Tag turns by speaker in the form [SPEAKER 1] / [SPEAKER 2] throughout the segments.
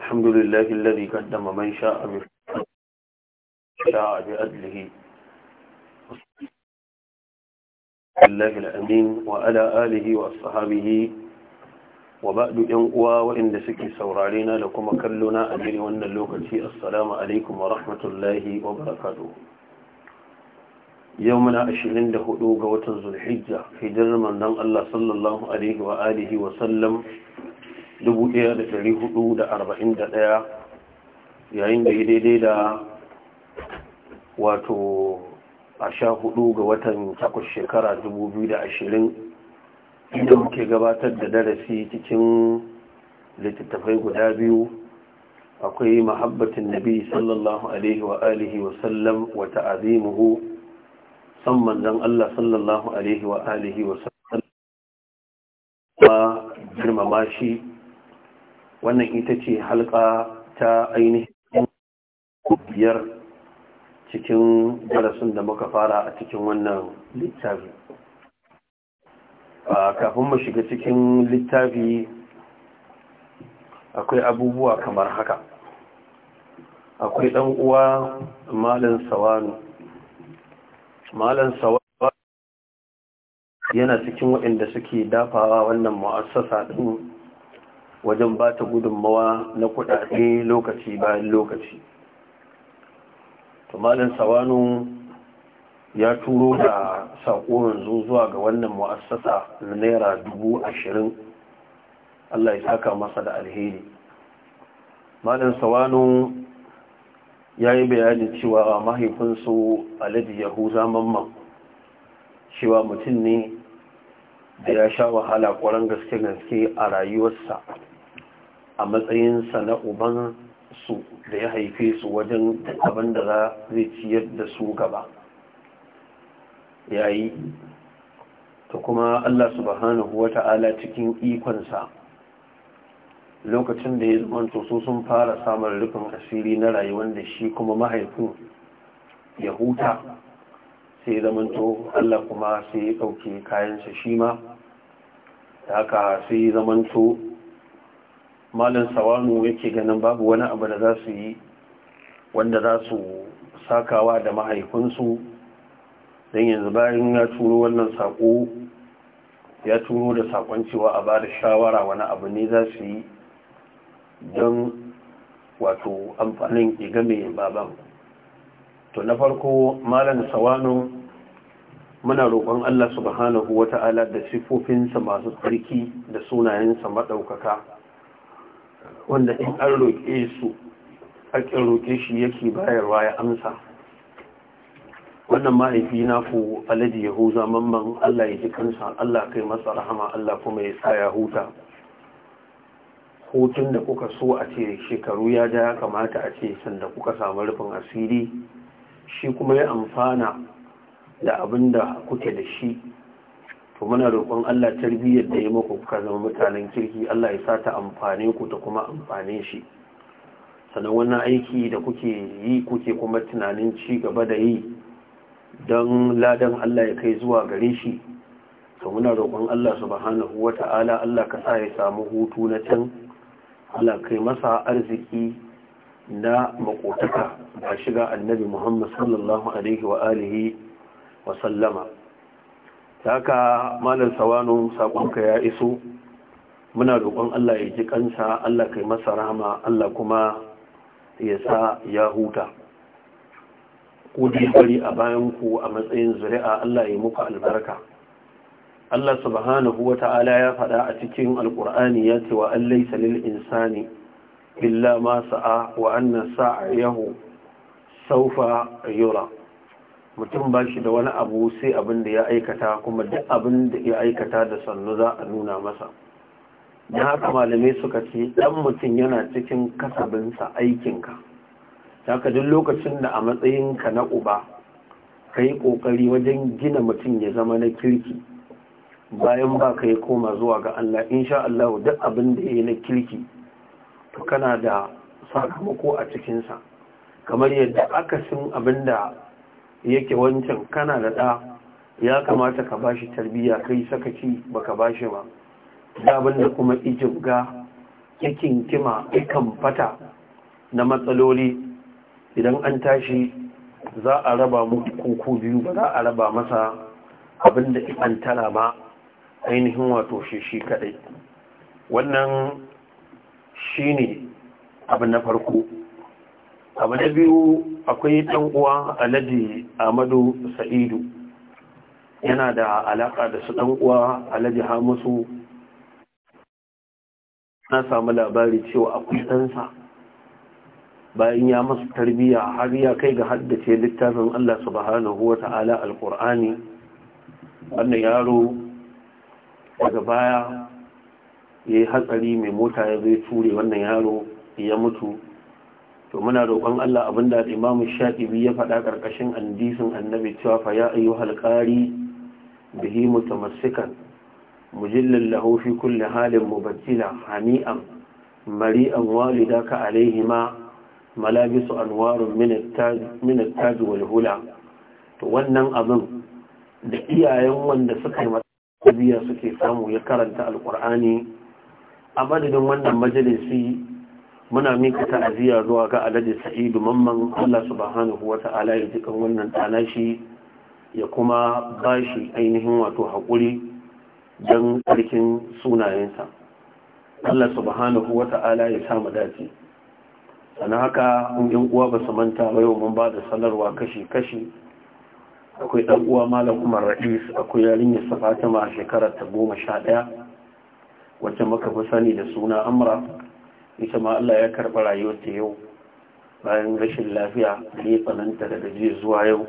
[SPEAKER 1] الحمد لله الذي قدم من شاء من شاء بأدله الله الأمين وعلى آله وأصحابه وبعد ينقوى وإن سكي سورارينا لكم كلنا أجري وأن اللوكتي السلام عليكم ورحمة الله وبركاته يومنا أشهرين دهدوغ وتنزل حجة في درمان الله صلى الله عليه وآله وسلم 1441 yayin da daidai da wato a sha hudu ga watan takwas shekara 2020 inda muke gabatar da darasi cikin littattafai guda biyu akwai mahabbatin nabi sallallahu alaihi wa alihi wa sallam wa ta'azimuhu san manzon Allah sallallahu alaihi wa alihi wa sallam girmama shi wannan ita ce halka ta ainihin biyar cikin darasin da muka fara a cikin wannan littafi kafin mu shiga cikin littafi akwai abubuwa kamar haka akwai ɗan uwa malin sawanu malin sawanu yana cikin waɗanda suke dafawa wannan mu'assasa ɗin wajen ba ta gudunmawa na kudade lokaci bayan lokaci tumalin sawanu ya turo da saƙo yanzu zuwa ga wannan mu'assasa na naira dubu ashirin allah ya saka masa da alheri malin sawanu ya yi bayanin cewa mahaifinsu alhaji yahu zamanman cewa mutum ne da ya sha wahala ƙwaron gaske-gaske a rayuwarsa a matsayinsa na uban su da ya haife su wajen abin da za zai ciyar da su gaba yayi ta kuma Allah subhanahu wa ta'ala cikin ikonsa lokacin da ya zumanto su sun fara samun rufin asiri na rayuwar da shi kuma mahaifin ya huta sai zamanto Allah kuma sai ya ɗauke kayansa shi ma haka sai zamanto malam sawanu yake ganin babu wani abu da za su yi wanda za su sakawa da mahaifinsu don yanzu bayan ya turo wannan sako ya turo da sakon cewa a bada shawara wani abu ne za su yi don wato amfanin igame baban to na farko malam sawanu muna roƙon Allah subhanahu wata'ala da sifofinsa masu tsarki da sunayensa maɗaukaka wanda in an roƙe su haƙƙin roƙe shi yake bayarwa ya amsa wannan mahaifi na ku alaji huza, mamman Allah ya ji kansa Allah kai masa rahama Allah kuma ya tsaya huta hutun da kuka so a ce shekaru ya ja ya kamata a ce sanda kuka samu rufin asiri shi kuma ya amfana da abin da kuke da shi to muna roƙon Allah tarbiyyar da ya muku kuka zama mutanen kirki Allah ya sa ta amfane ku ta kuma amfane shi sannan wannan aiki da kuke yi kuke kuma tunanin ci gaba da yi don ladan Allah ya kai zuwa gare shi to muna roƙon Allah subhanahu wata'ala Allah ka sa ya samu hutu na can Allah kai masa arziki na makotaka ba shiga annabi Muhammad sallallahu alaihi wa alihi wa sallama haka malam sawano sakonka ya iso muna roƙon Allah ya ji kansa Allah kai masa rahama Allah kuma ya sa ya huta ku bari a bayan ku a matsayin zuri'a Allah ya muku albarka Allah subhanahu Ta'ala ya faɗa a cikin alƙur'ani ya ce wa an laysa lil insani illa ma sa'a wa anna sa'ayahu sawfa yura mutum ba shi da wani abu sai abin da ya aikata kuma duk abin da ya aikata da sannu za a nuna masa don haka malamai suka ce dan mutum yana cikin kasabinsa aikinka Ta ka duk lokacin da a matsayinka na uba ka yi ƙoƙari wajen gina mutum ya zama na kirki bayan ba ka yi koma zuwa ga Allah insha Allah duk abin da ya yi na kirki to kana da sakamako a cikinsa kamar yadda akasin abin da yake wancan kana da ɗa ya kamata ka ba shi tarbiyya kai sakaci ba ka ba shi ba dabin da kuma ijibga yakin kima ikan fata na matsaloli idan an tashi za a raba muku kuku biyu ba za a raba masa abin da an tara ba ainihin wato shi shi kadai wannan shi ne abu na farko abu na biyu akwai ɗan uwa alhaji amadu sa'idu yana da alaƙa da su ɗan uwa alhaji hamisu na samu labari cewa akwai ɗansa bayan ya masu tarbiyya har ya kai ga haddace littafin Allah subhanahu wa ta'ala alƙur'ani wannan yaro daga baya ya yi hatsari mai mota ya zai ture wannan yaro ya mutu to muna roƙon Allah abin abinda Imam Shafi'i ya faɗa ƙarƙashin hadisin Annabi cewa fa ya ayyuhal qari bihi mutamassikan mujallal lahu fi kulli halin mubattila hani'an mari'an walidaka alaihima malabisu anwarun min at-taj min at-taj wal to wannan abin da iyayen wanda suka yi matsabiya suke samu ya karanta alqur'ani a madadin wannan majalisi muna mika ta'aziyya zuwa ga alhaji sa'idu mamman Allah subhanahu wata'ala ya ji kan wannan dana shi ya kuma bashi ainihin wato hakuri dan karkin sunayensa Allah subhanahu wata'ala ya sa mu dace sannan haka in uwa ba su manta ba yau mun ba da sanarwa kashi kashi akwai dan uwa malam Umar Ra'is akwai yarinyar Fatima a shekarar ta 11 wacce muka fi sani da suna Amra ita ma Allah ya karɓa rayuwarta yau bayan rashin lafiya da ya tsananta daga jiya zuwa yau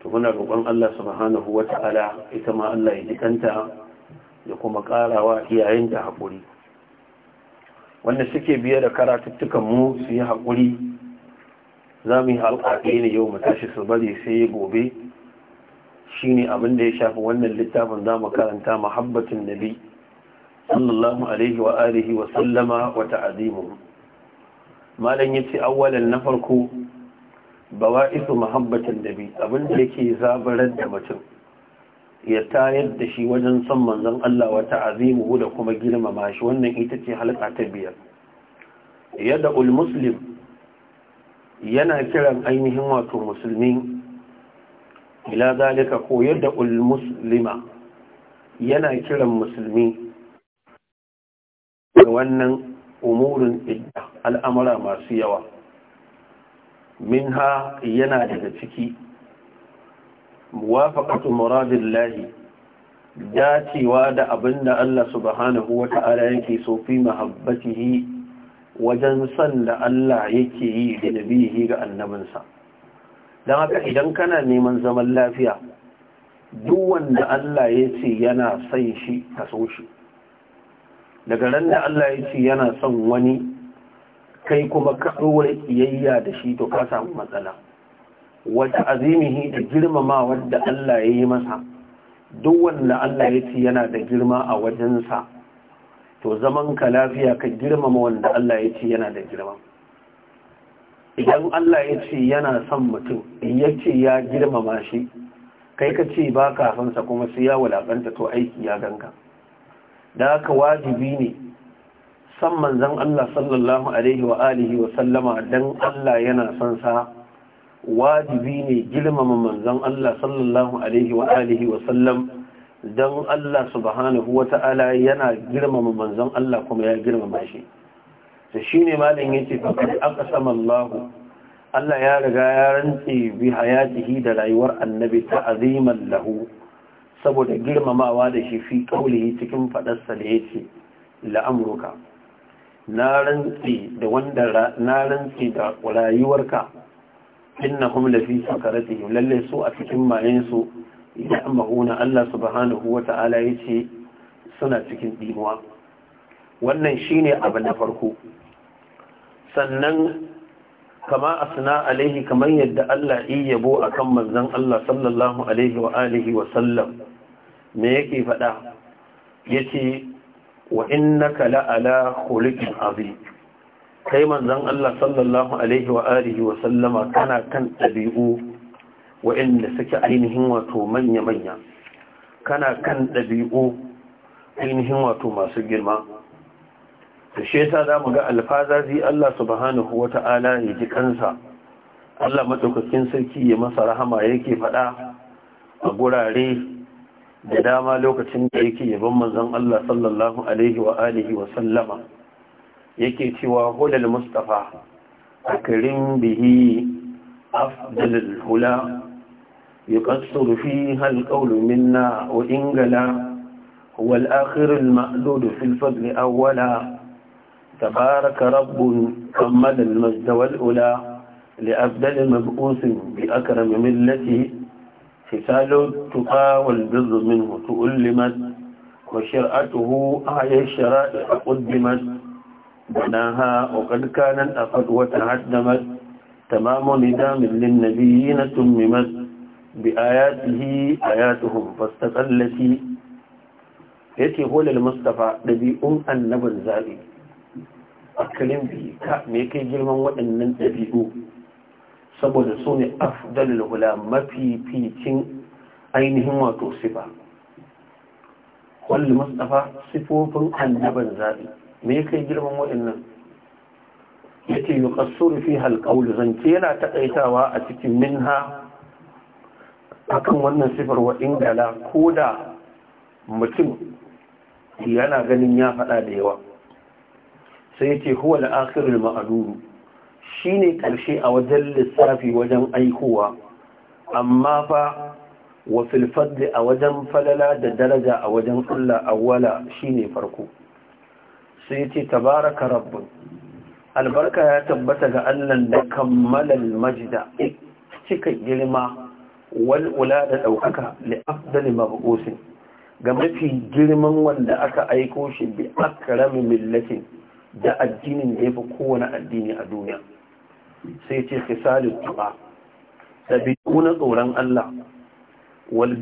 [SPEAKER 1] to muna roƙon Allah subhanahu ta'ala ita ma Allah ya jikanta ya kuma ƙarawa iyayen da haƙuri wanda suke biye da karatuttukan mu su yi haƙuri za mu yi halƙaƙe ne yau mu tashi su bari sai gobe shine abin da ya shafi wannan littafin za mu karanta muhabbatin nabi sallallahu alaihi wa alihi wa sallama wa ta'azimuhu malam yace awwalan na farko bawa'isu muhabbatin nabi abin da yake zabarar da mutum ya tayar da shi wajen son manzon Allah wata ta'azimuhu da kuma girmama shi wannan ita ce halka ta biyar yada ul muslim yana kiran ainihin wato musulmi ila zalika ko yadda ul muslima yana kiran musulmi wannan umurin idda al'amura masu yawa minha yana daga ciki muwafaqatu muradillahi dacewa da abin da Allah subhanahu Ta'ala yake sofi fi mahabbatihi wajen san da Allah yake yi da nabihi ga annabinsa don haka idan kana neman zaman lafiya duk wanda Allah ya ce yana san shi ka so shi daga ran da Allah ya ce yana son wani kai kuma ka ɗora ƙiyayya da shi to ka samu matsala wata azimihi da girmama wanda Allah ya yi masa duk wanda Allah ya ce yana da girma a wajensa to zaman ka lafiya ka girmama wanda Allah ya ce yana da girma idan Allah ya ce yana son mutum ya ce ya girmama shi kai ka ce ba kafinsa kuma sai ya wulaƙanta to aiki ya ganka da haka wajibi ne san manzan Allah sallallahu alaihi wa alihi wa sallama don Allah yana son sa wajibi ne girmama manzan Allah sallallahu alaihi wa alihi wa sallam don Allah subhanahu wa ta'ala yana girmama manzan Allah kuma ya girmama shi Da to shine malamin yake fa aka sama Allah Allah ya riga ya rantse bi hayatihi da rayuwar annabi ta aziman lahu saboda girmamawa da shi fi kaulihi cikin fadarsa da ya ce la'amurka na rantsi da rayuwarka na kuma da rayuwarka innahum lalle su a cikin mayen su idan mahuna Allah subhanahu ya ce suna cikin dimuwa wannan shi ne abu na farko sannan kama asna alaihi kamar yadda Allah iya yabo kan manzon Allah sallallahu alaihi wa alihi wa sallam me yake faɗa ya ce wa kala la'ala khuliqin azim kai manzon Allah sallallahu alaihi wa alihi wa sallama kana kan ɗabi'u wa waɗanda suke ainihin wato manya manya kana kan ɗabi'u ainihin wato masu girma da shi yasa zamu ga alfazazi Allah subhanahu Ta'ala ya ji kansa Allah madaukakin sarki ya masa rahama yake faɗa a gurare da dama lokacin da yake ban manzon Allah sallallahu alaihi wa alihi wa sallama yake cewa hulal mustafa akrim bihi afdalul hula يقصر فيها القول منا وإن جلا هو الآخر المأدود في الفضل أولا تبارك رب كمل المجد والأولى لأبدل مبؤوس بأكرم ملته قتال تقى والبر منه تؤلمت وشرعته أعيا الشرائع قدمت بناها وقد كانت أقد وتهدمت تمام ندام للنبيين تممت بآياته آياتهم فاستقلت يتي هو للمصطفى نبي أم النبي الزالي أكلم به كأمي كي جرمان وأنن تبيئوه saboda su ne afdalul hula mafificin ainihin wato sifa wal mustafa sifofin annaban zaɓi. me kai girman wa'annan yace yuqassuru fiha alqawl zance yana taƙaitawa a cikin minha akan wannan sifar wa ingala da mutum yana ganin ya faɗa da yawa sai ya ce huwa al-akhirul Shi ne ƙarshe a wajen lissafi wajen aikowa amma fa wa filfadde a wajen falala da daraja a wajen Allah awwala shine farko sai ce tabaraka rabbun albarka ya tabbata ga Allah da kammalal majida cika girma wal'ula da ɗaukaka li afdali mabusin ga mafi girman wanda aka aiko shi bi akrami millatin da addinin da ya fi kowane addini a duniya sai ce khisalu tuqa tabiuna tsoron Allah wal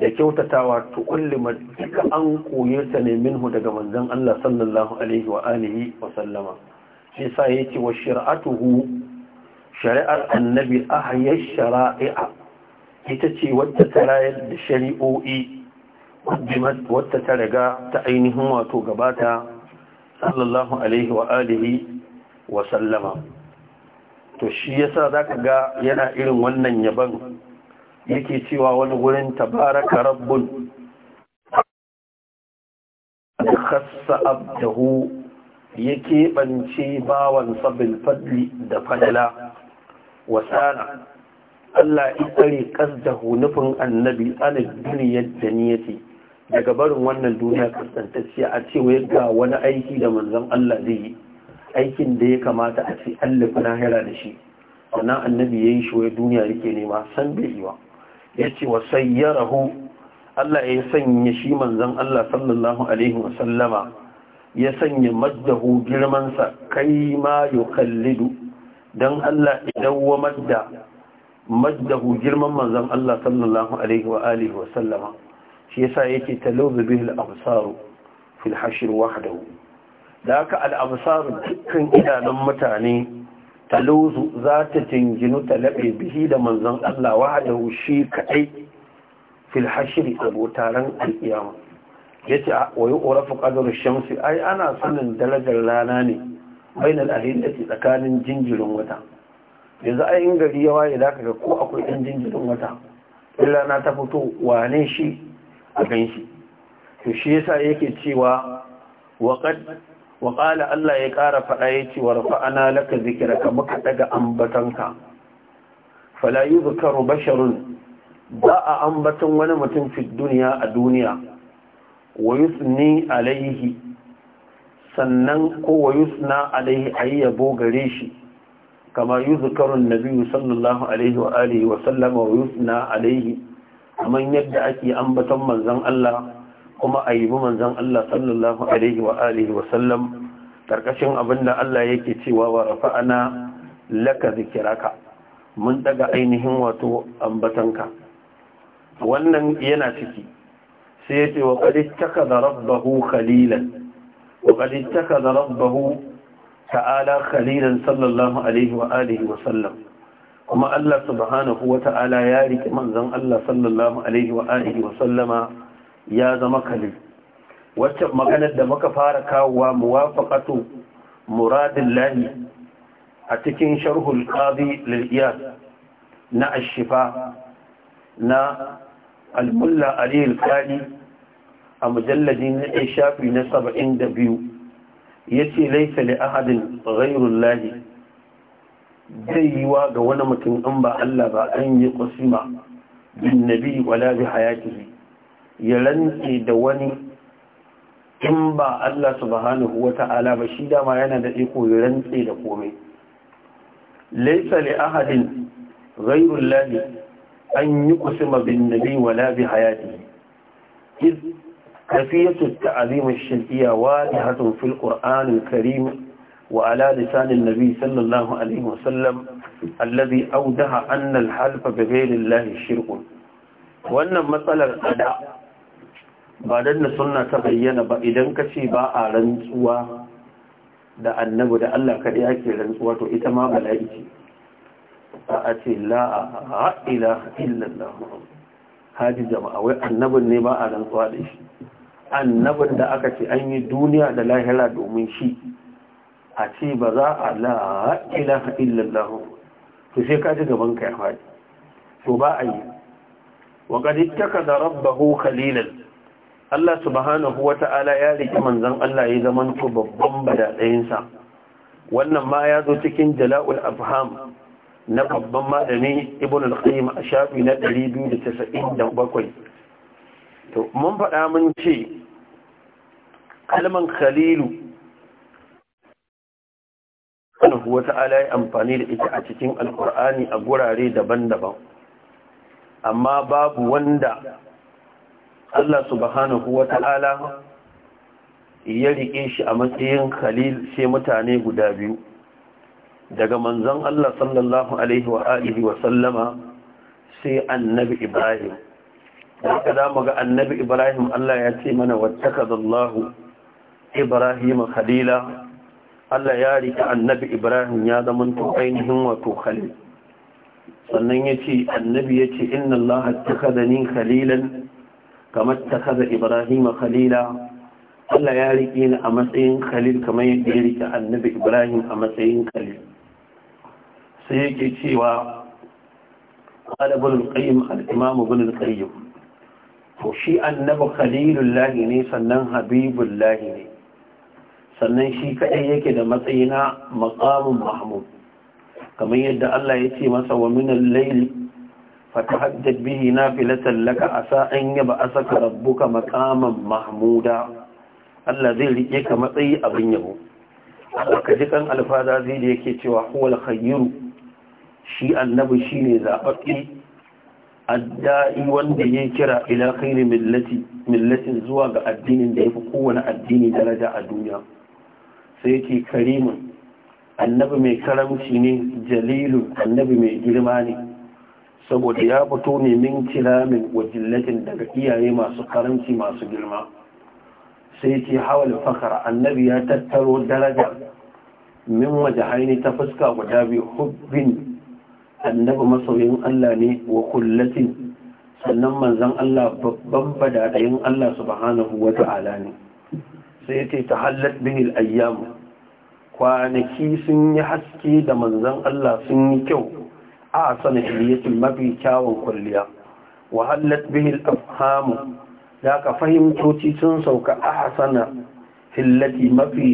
[SPEAKER 1] da kyautatawa to kullima duka an koye ta ne minhu daga manzon Allah sallallahu alaihi wa alihi wa sallama shi sa yace wa shir'atuhu shari'ar annabi ahya shara'i'a ita ce wadda ta rayar da shari'o'i wadda ta riga ta ainihin wato gabata sallallahu alaihi wa alihi wa sallama to shi yasa zaka ga yana irin wannan yaban yake cewa wani gurin tabaraka rabbun khassa abdahu yake bance bawan sabil fadli da fadla wasana Allah ya tsare kasdahu nufin annabi ana ni daniyati daga barin wannan duniya kasantacciya a cewa ga wani aiki da manzon Allah zai yi aikin da ya kamata a ce na lahira da shi sannan annabi ya yi shoye duniya yake nema san bai yi ya ce wa sayyarahu Allah ya sanya shi manzan Allah sallallahu alaihi wasallama ya sanya maddahu girmansa kai ma yi kallidu don Allah idan wa madda maddahu girman manzan Allah sallallahu alaihi wa alihi wasallama shi yasa yake talau bihil absaru fil hashir wahdahu da haka al'absaru dukkan idanun mutane taluzu za ta ta talabe bihi da manzon Allah wahadahu shi kadai fil hashri abu Ya alkiyama yace wa yu'rafu qadru shamsi ai ana sanin darajar rana ne da ke tsakanin jinjirin wata yanzu ai in gari yawa ya waye zaka ga ko akwai ɗan jinjirin wata in rana ta fito wane shi a ganshi to shi yasa yake cewa waƙar? wa ƙala Allah ya ƙara faɗa ya ce wa rafa'ana laka ka muka ɗaga ambatanka fala yuzkaru basharun ba a ambatan wani mutum fi duniya a duniya wa yusni alaihi sannan ko wa yusna alaihi yabo gare shi kama yuzkarun nabiyyu sallallahu alaihi wa alihi wa sallama wa yusna alaihi kamar yadda ake ambaton manzon Allah kuma a yi manzon Allah sallallahu alaihi wa alihi karkashin abinda Allah yake cewa wa rafa'ana laka zikiraka mun daga ainihin wato ambatanka wannan yana ciki sai yace wa qad ittakhadha rabbahu khalilan wa rabbahu ta'ala khalilan sallallahu alaihi wa alihi kuma Allah subhanahu wa ta'ala ya rike manzon Allah sallallahu alaihi wa alihi ya zama kalil wacce maganar da muka fara kawowa muwafaqatu muradillahi a cikin sharhul qadi lil na ashifa na al-mulla ali al-qadi a mujalladi na shafi na 72 yace laysa li ahadin ghayrullahi zai yiwa ga wani mutum in ba Allah ba an yi kusima bin nabi wala bi hayatihi ya rantse da wani in ba Allah subhanahu wa ta'ala ba shi dama yana da iko ya rantse da komai laisa li ahadin ghayrul ladhi an yuqsima bin nabi wala bi hayati iz kafiyatu ta'zim ash-shirkiyya wadihatun fil qur'an al-karim وعلى لسان النبي صلى الله عليه وسلم الذي أودها أن الحلف بغير الله شرك Wannan matsalar أداء ba don da sunna ta bayyana ba idan ka ce ba a rantsuwa da annabu da Allah kaɗai ake rantsuwa to ita ma bala'i ce a ce la'a illallah haji jama'a wai annabin ne ba a rantsuwa da shi annabin da aka ce an yi duniya da lahira domin shi a ce ba za a la'a illallah to sai ka ji gaban ka ya faɗi to ba a yi wa kadi taka da ko khalilan Allah subhanahu wa ta'ala ya riki manzan Allah ya zaman ku babban badaɗayinsa wannan ma ya zo cikin jala'ul abham na babban malami ibn al-qayyim a shafi na 297 to mun faɗa mun ce kalman khalilu subhanahu wa ta'ala ya amfani da ita a cikin alkur'ani a gurare daban-daban amma babu wanda Allah subhanahu wa ta'ala ya riƙe shi a matsayin khalil sai mutane guda biyu daga manzon Allah sallallahu alaihi wa alihi wa sallama sai annabi Ibrahim daga da mu ga annabi Ibrahim Allah ya ce mana wattakadallahu Ibrahim khalila Allah ya riƙe annabi Ibrahim ya zama ainihin wato khalil sannan ce annabi ce, inna Allah attakadani khalilan kamar ta kaza ibrahim khalila Allah ya riƙe ni a matsayin khalil kamar yadda ya riƙe annabi ibrahim a matsayin khalil sai yake cewa قال ابن القيم الإمام ابن القيم shi النبو خليل Lahi ne sannan حبيب Lahi ne, sannan shi kaɗai yake da matsayina maƙamun mahmud kamar yadda Allah ya ce masa wa minan layli. فتحدد به نافلة لك أسا أن يبعثك ربك مقاما محمودا الذي لديك مطيء أبنه وكذلك أن الفاظة ذي لك هو الخير شيء النبي شيء ذاقتي الدائي وانده يكرا إلى خير ملتي ملتي زواج الدين ده يفقون الدين درجة الدنيا سيكي كريم النبي من كرمتي جليل النبي من جرماني saboda ya fito ne min kiramin wajillatin daga iyaye masu karanci masu girma sai ce hawal fakar annabi ya tattaro daraja min waje haini ta fuska guda biyu hubbin annabi masoyin Allah ne wa kullatin sannan manzon Allah babban badadayin Allah subhanahu wa ta'ala ne sai ce ta hallat bin al kwanaki sun yi haske da manzon Allah sun yi kyau أعصن حلية مبي كاو كليا وهلت به الأفهام ذاك فهم توتي تنسوك أحسن حلتي مبي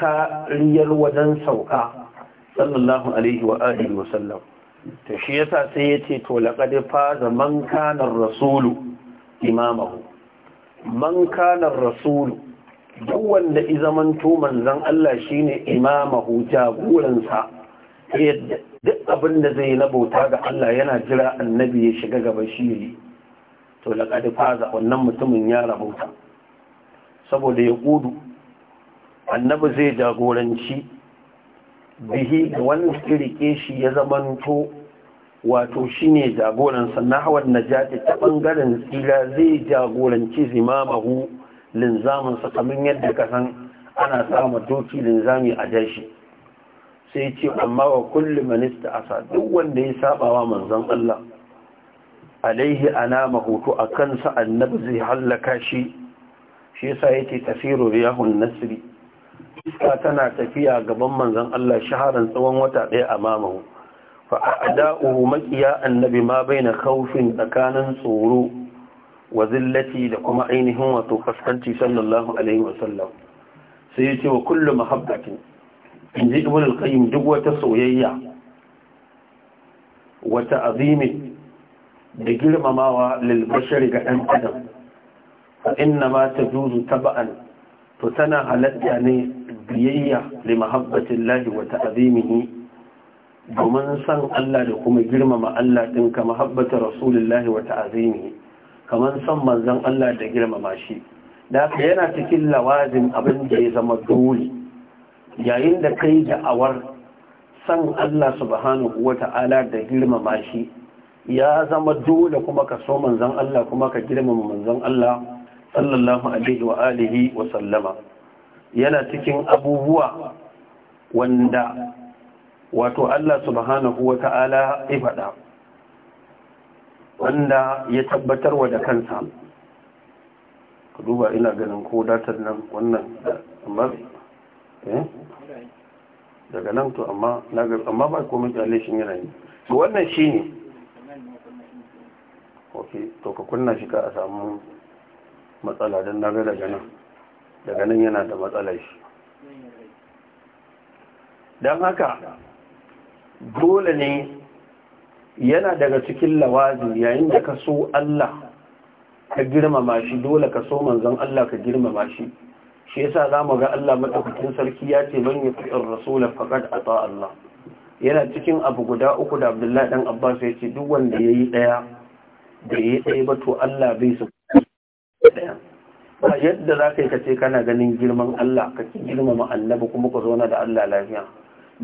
[SPEAKER 1] كاريا الودن سوكا صلى الله عليه وآله وسلم تشيسا سيتي ولقد فاز من كان الرسول إمامه من كان الرسول duk wanda izamanto manzan Allah shine imamahu jagoransa duk abin da zai na bauta ga Allah yana jira annabi ya shiga gaba shi yi to laƙadi faza wannan mutumin ya rahota saboda ya ƙudu annabi zai jagoranci bihi da wani riƙe shi ya zamanto wato shi ne jagoransa na hawan najati ta ɓangaren tsira zai jagoranci zimamahu linzaminsa kamar yadda ka san ana samun doki linzami a jashi sai ce amma wa kullu minista asa duk wanda ya saba wa manzon Allah alaihi nama hoto a kansa annabi zai hallaka shi shi yasa yake tasiru riyahun nasri iska tana tafiya gaban manzon Allah shaharan tsawon wata ɗaya a mamahu fa a'da'uhu maqiya annabi ma baina khawfin tsakanin tsoro wa zillati da kuma ainihin wato kaskanci sallallahu alaihi wasallam sai yace wa kullu mahabbatin in ji ibn al-qayyim duk wata soyayya wata azimi da girmamawa lil bashar ga dan adam fa inna ma tajuzu taba'an to tana halatta ne biyayya li mahabbatillahi wa ta'zimihi domin san Allah da kuma girmama Allah din ka mahabbatar rasulullahi wa ta'zimihi kaman san manzon Allah da girmama shi da yana cikin lawazin abin da ya zama dole yayin da kai da'awar san Allah subhanahu wata'ala da girmama shi ya zama dole kuma ka so manzon Allah kuma ka girmama manzon Allah sallallahu alaihi wa alihi wa sallama yana cikin abubuwa wanda wato Allah subhanahu wata'ala ya faɗa wanda ya tabbatar wa da kansa duba ina ganin ko datar nan wannan amma Eh? daga nan to amma amma ba komai kyale shi yana yi to wannan shi ne to ka kunna shi ka a samu matsala don na daga nan daga nan yana da matsala shi don haka dole ne yana daga cikin lawazi yayin da ka so Allah ka girmama shi dole ka so manzon Allah ka girmama shi shi yasa za mu ga Allah madaukakin sarki ya ce man yuti'ir rasul faqad ata Allah yana cikin abu guda uku da Abdullahi dan Abbas ya ce duk wanda yayi daya da yayi daya ba to Allah bai su daya ba yadda za ka yi kace kana ganin girman Allah kake girmama annabi kuma ka zauna da Allah lafiya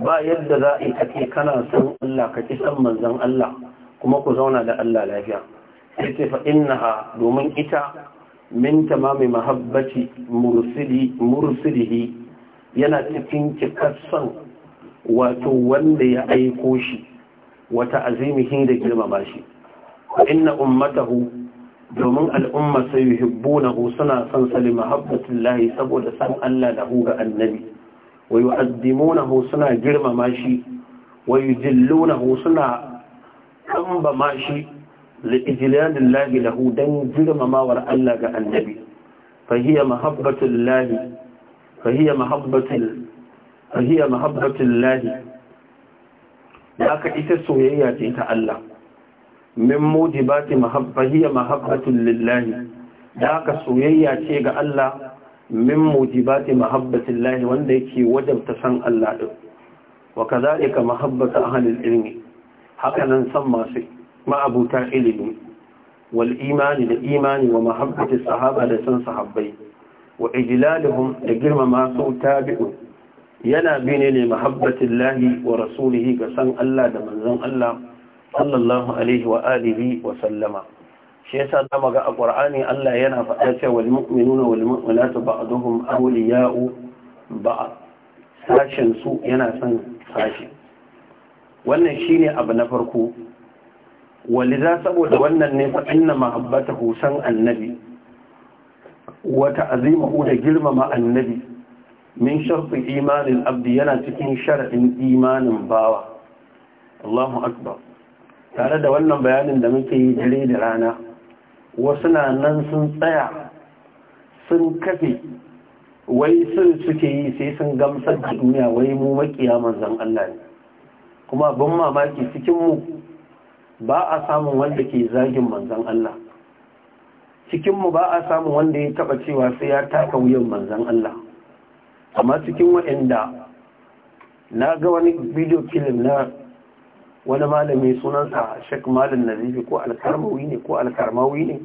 [SPEAKER 1] ba yadda za a yi kace kana son Allah kake san manzon Allah kuma ku zauna da Allah lafiya sai ce fa innaha domin ita min tamami mahabbaci mursilihi yana cikin cikassan wato wanda ya aiko shi wata azimihi da girmama shi inna ummatahu domin al'umma sai yuhibbunahu suna son sali mahabbatin lahi saboda san Allah da hu ga annabi wa yu'azzimunahu suna girmama shi wa yujillunahu suna kambama shi li'ijlalillahi lahu dan girmamawar Allah ga annabi fahiya فهي محبة الله فهي محبة mahabbatul lahi haka ita soyayya ce ta Allah min mujibati mahabbahiya mahabbatul lillahi da ka soyayya ce ga Allah min mujibati mahabbatillahi wanda yake wajabta san Allah din wa kadhalika mahabbatu ahli ilmi haka nan san masu ma'abuta ilimi wal imani da imani wa mahabbati sahaba da san sahabbai wa ijlaluhum da girmama su tabi'u yana bine ne ne mahabbatin lahi wa rasulihi ga san Allah da manzon Allah sallallahu alaihi wa alihi wa sallama shi yasa da maga a Allah yana faɗa cewa wal mu'minuna wal mu'minatu ba'duhum awliya'u ba'd sashin su yana san sashi wannan shine abu na farko walida saboda wannan ne na mahabbata husan annabi wata azima da girmama annabi min sharfi imanin abdi yana cikin sharaɗin imanin bawa allahu akbar tare da wannan bayanin da muke yi dare da rana wasu na nan sun tsaya sun kafe wai sun suke yi sai sun gamsar duniya wai mu maƙiya manzan allah ne kuma abin mamaki cikinmu ba a samun wanda ke zagin manzan Allah cikinmu ba a samun wanda ya taba cewa sai ya taka wuyan manzan Allah amma cikin waɗanda na ga wani bidiyo kilim na wani malami sunansa shek Malam nazifi ko alkarmawi ne ko alkarmawi ne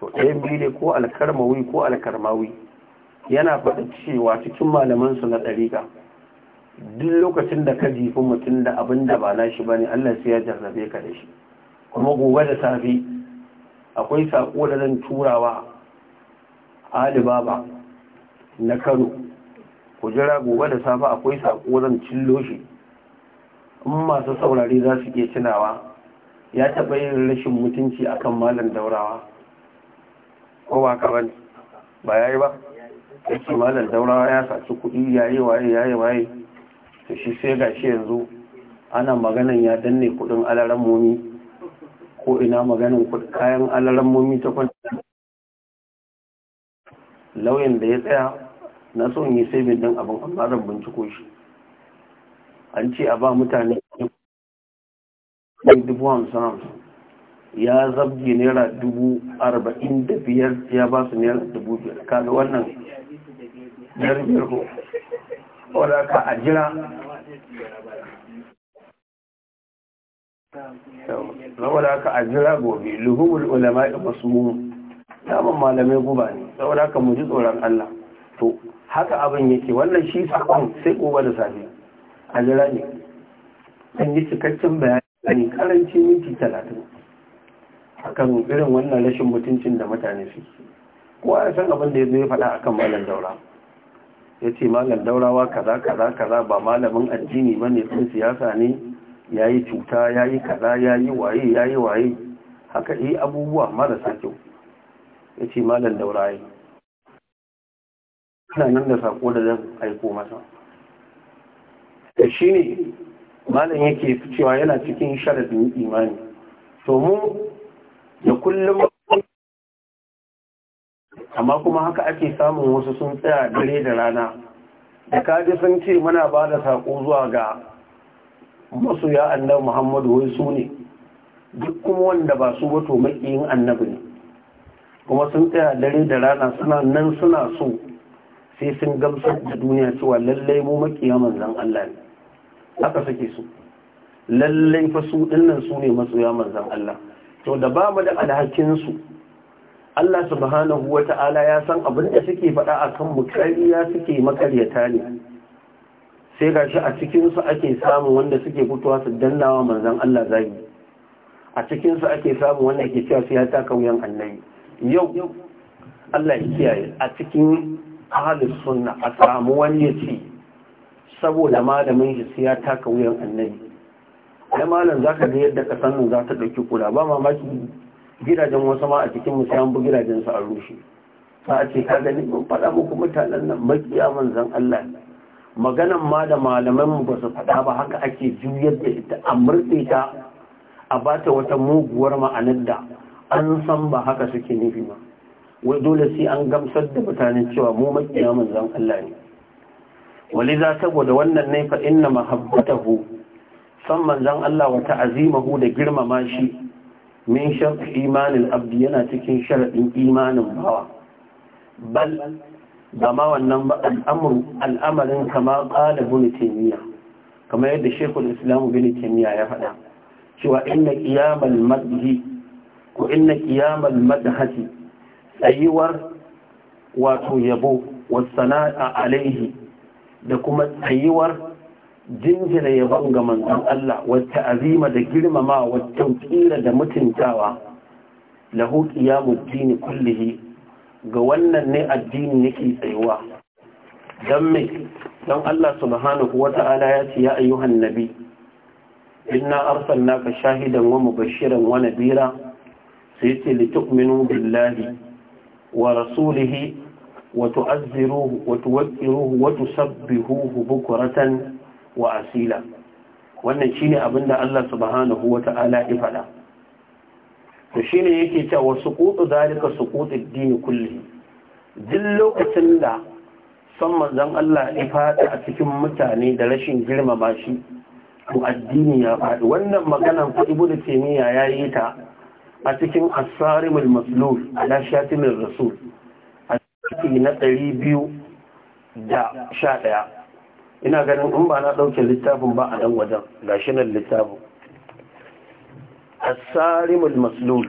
[SPEAKER 1] to ɗayan biyu ko alkarmawi ko alkarmawi yana faɗa cewa cikin malamansu na ɗariƙa duk lokacin da ka jifi mutum da abin da ba nashi ba ne Allah sai ya jarrabe ka da shi kuma gobe da safe akwai saƙo da zan turawa alibaba na kano ku jira gobe da safe akwai saƙo zan cillo shi in masu saurari za su iya cinawa. ya taɓa yin rashin mutunci akan malam daurawa ko ba ka bane ba yi ba Ya ce malam daurawa ya saci kuɗi yayi waye yayi waye to shi sai ga shi yanzu ana maganan ya danne kudin alaran momi ko ina maganan kayan alaran momi ta kwanta lauyan da ya tsaya na son yi sai bin abin amma zan binciko shi an ce a ba mutane dubu hamsin hamsin ya zabge naira dubu arba'in da biyar ya ba su naira dubu biyar kaga wannan biyar biyar ko wadda ka saboda ka a jira gobe luhumul ulama da masu naman malamai guba ne saboda ka mu ji tsoron Allah to haka abin yake wannan shi sakon sai gobe da safe a jira ne ɗan yi cikakken bayani karanci minti talatin a kan irin wannan rashin mutuncin da mutane su. kowa ya san abin da ya zai faɗa akan malar daura ya ce malam daurawa kaza kaza kaza ba malamin addini ba ne sun siyasa ne ya yi cuta ya yi kaza ya yi waye ya yi waye haka yi eh, abubuwa marasa kyau ya ce malam dauraye ana nan da sako da zan aiko masa da shi ne malam yake cewa yana cikin sharaɗin imani to mu da kullum amma kuma haka ake samun wasu sun tsaya dare da rana da kaji sun ce muna ba da saƙo zuwa ga masu ya annabi muhammadu wai su ne duk kuma wanda ba su wato yin annabi ne kuma sun tsaya dare da rana suna nan suna so sai sun gamsar da duniya cewa lallai mu makiya manzan Allah ne haka suke su lallai fa su dinnan su ne masoya manzan Allah to da ba mu da alhakin su Allah subhanahu wa ta'ala ya san abin da suke faɗa a kan mukarriya suke makaryata ne sai ga shi a cikinsu ake samun wanda suke fitowa su dannawa manzan Allah zagi a cikinsu ake samun wanda ke cewa su ya taka wuyan annabi yau Allah ya kiyaye a cikin ahalus sunna a samu wani ya ce saboda malamin shi su ya taka wuyan annabi da malam za ka ga yadda kasan za ta ɗauki kula ba mamaki gidajen wasu ma a cikin musu yan bu gidajen su a rushe ta ce ka gani mun faɗa muku mutanen nan makiya manzan Allah maganan ma da malaman mu ba su faɗa ba haka ake juyar da ita a murɗe ta a bata wata muguwar ma'anar da an san ba haka suke nufi ba wai dole sai an gamsar da mutane cewa mu makiya manzan Allah ne waliza saboda wannan ne fa inna mahabbatahu san manzan Allah wa ta'azimahu da girmama shi min shart imanin abdi yana cikin sharaɗin imanin bawa bal ba ma wannan al'amarin kama ƙala bin taimiyya yadda shekul islamu bin ya faɗa cewa inna ƙiyamal madhi ko madhati tsayuwar wato yabo wasana'a alaihi da kuma tsayuwar jinjina yabon ga manzon Allah wata azima da girmama wata kira da mutuntawa lahu qiyamuddin kullihi ga wannan ne addini yake tsayuwa dan me dan Allah subhanahu wata'ala ya ce ya ayyuhan nabi inna arsalnaka shahidan wa mubashiran wa nadira sai litu'minu billahi wa rasulihi wa tu'azziruhu wa tuwaqqiruhu wa tusabbihuhu bukratan wa asila wannan shine abin da Allah subhanahu wata'ala ya faɗa to ne yake cewa suqutu zalika suqutu dini kulli duk lokacin da son manzan Allah ya faɗi a cikin mutane da rashin girmama shi to addini ya faɗi wannan maganan fa ibnu taymiya yayi ta a cikin asarimul maslul ala shatimir rasul a cikin na 211 ina ganin in ba na ɗauke littafin ba a nan wajen gashi nan littafin asarimul maslul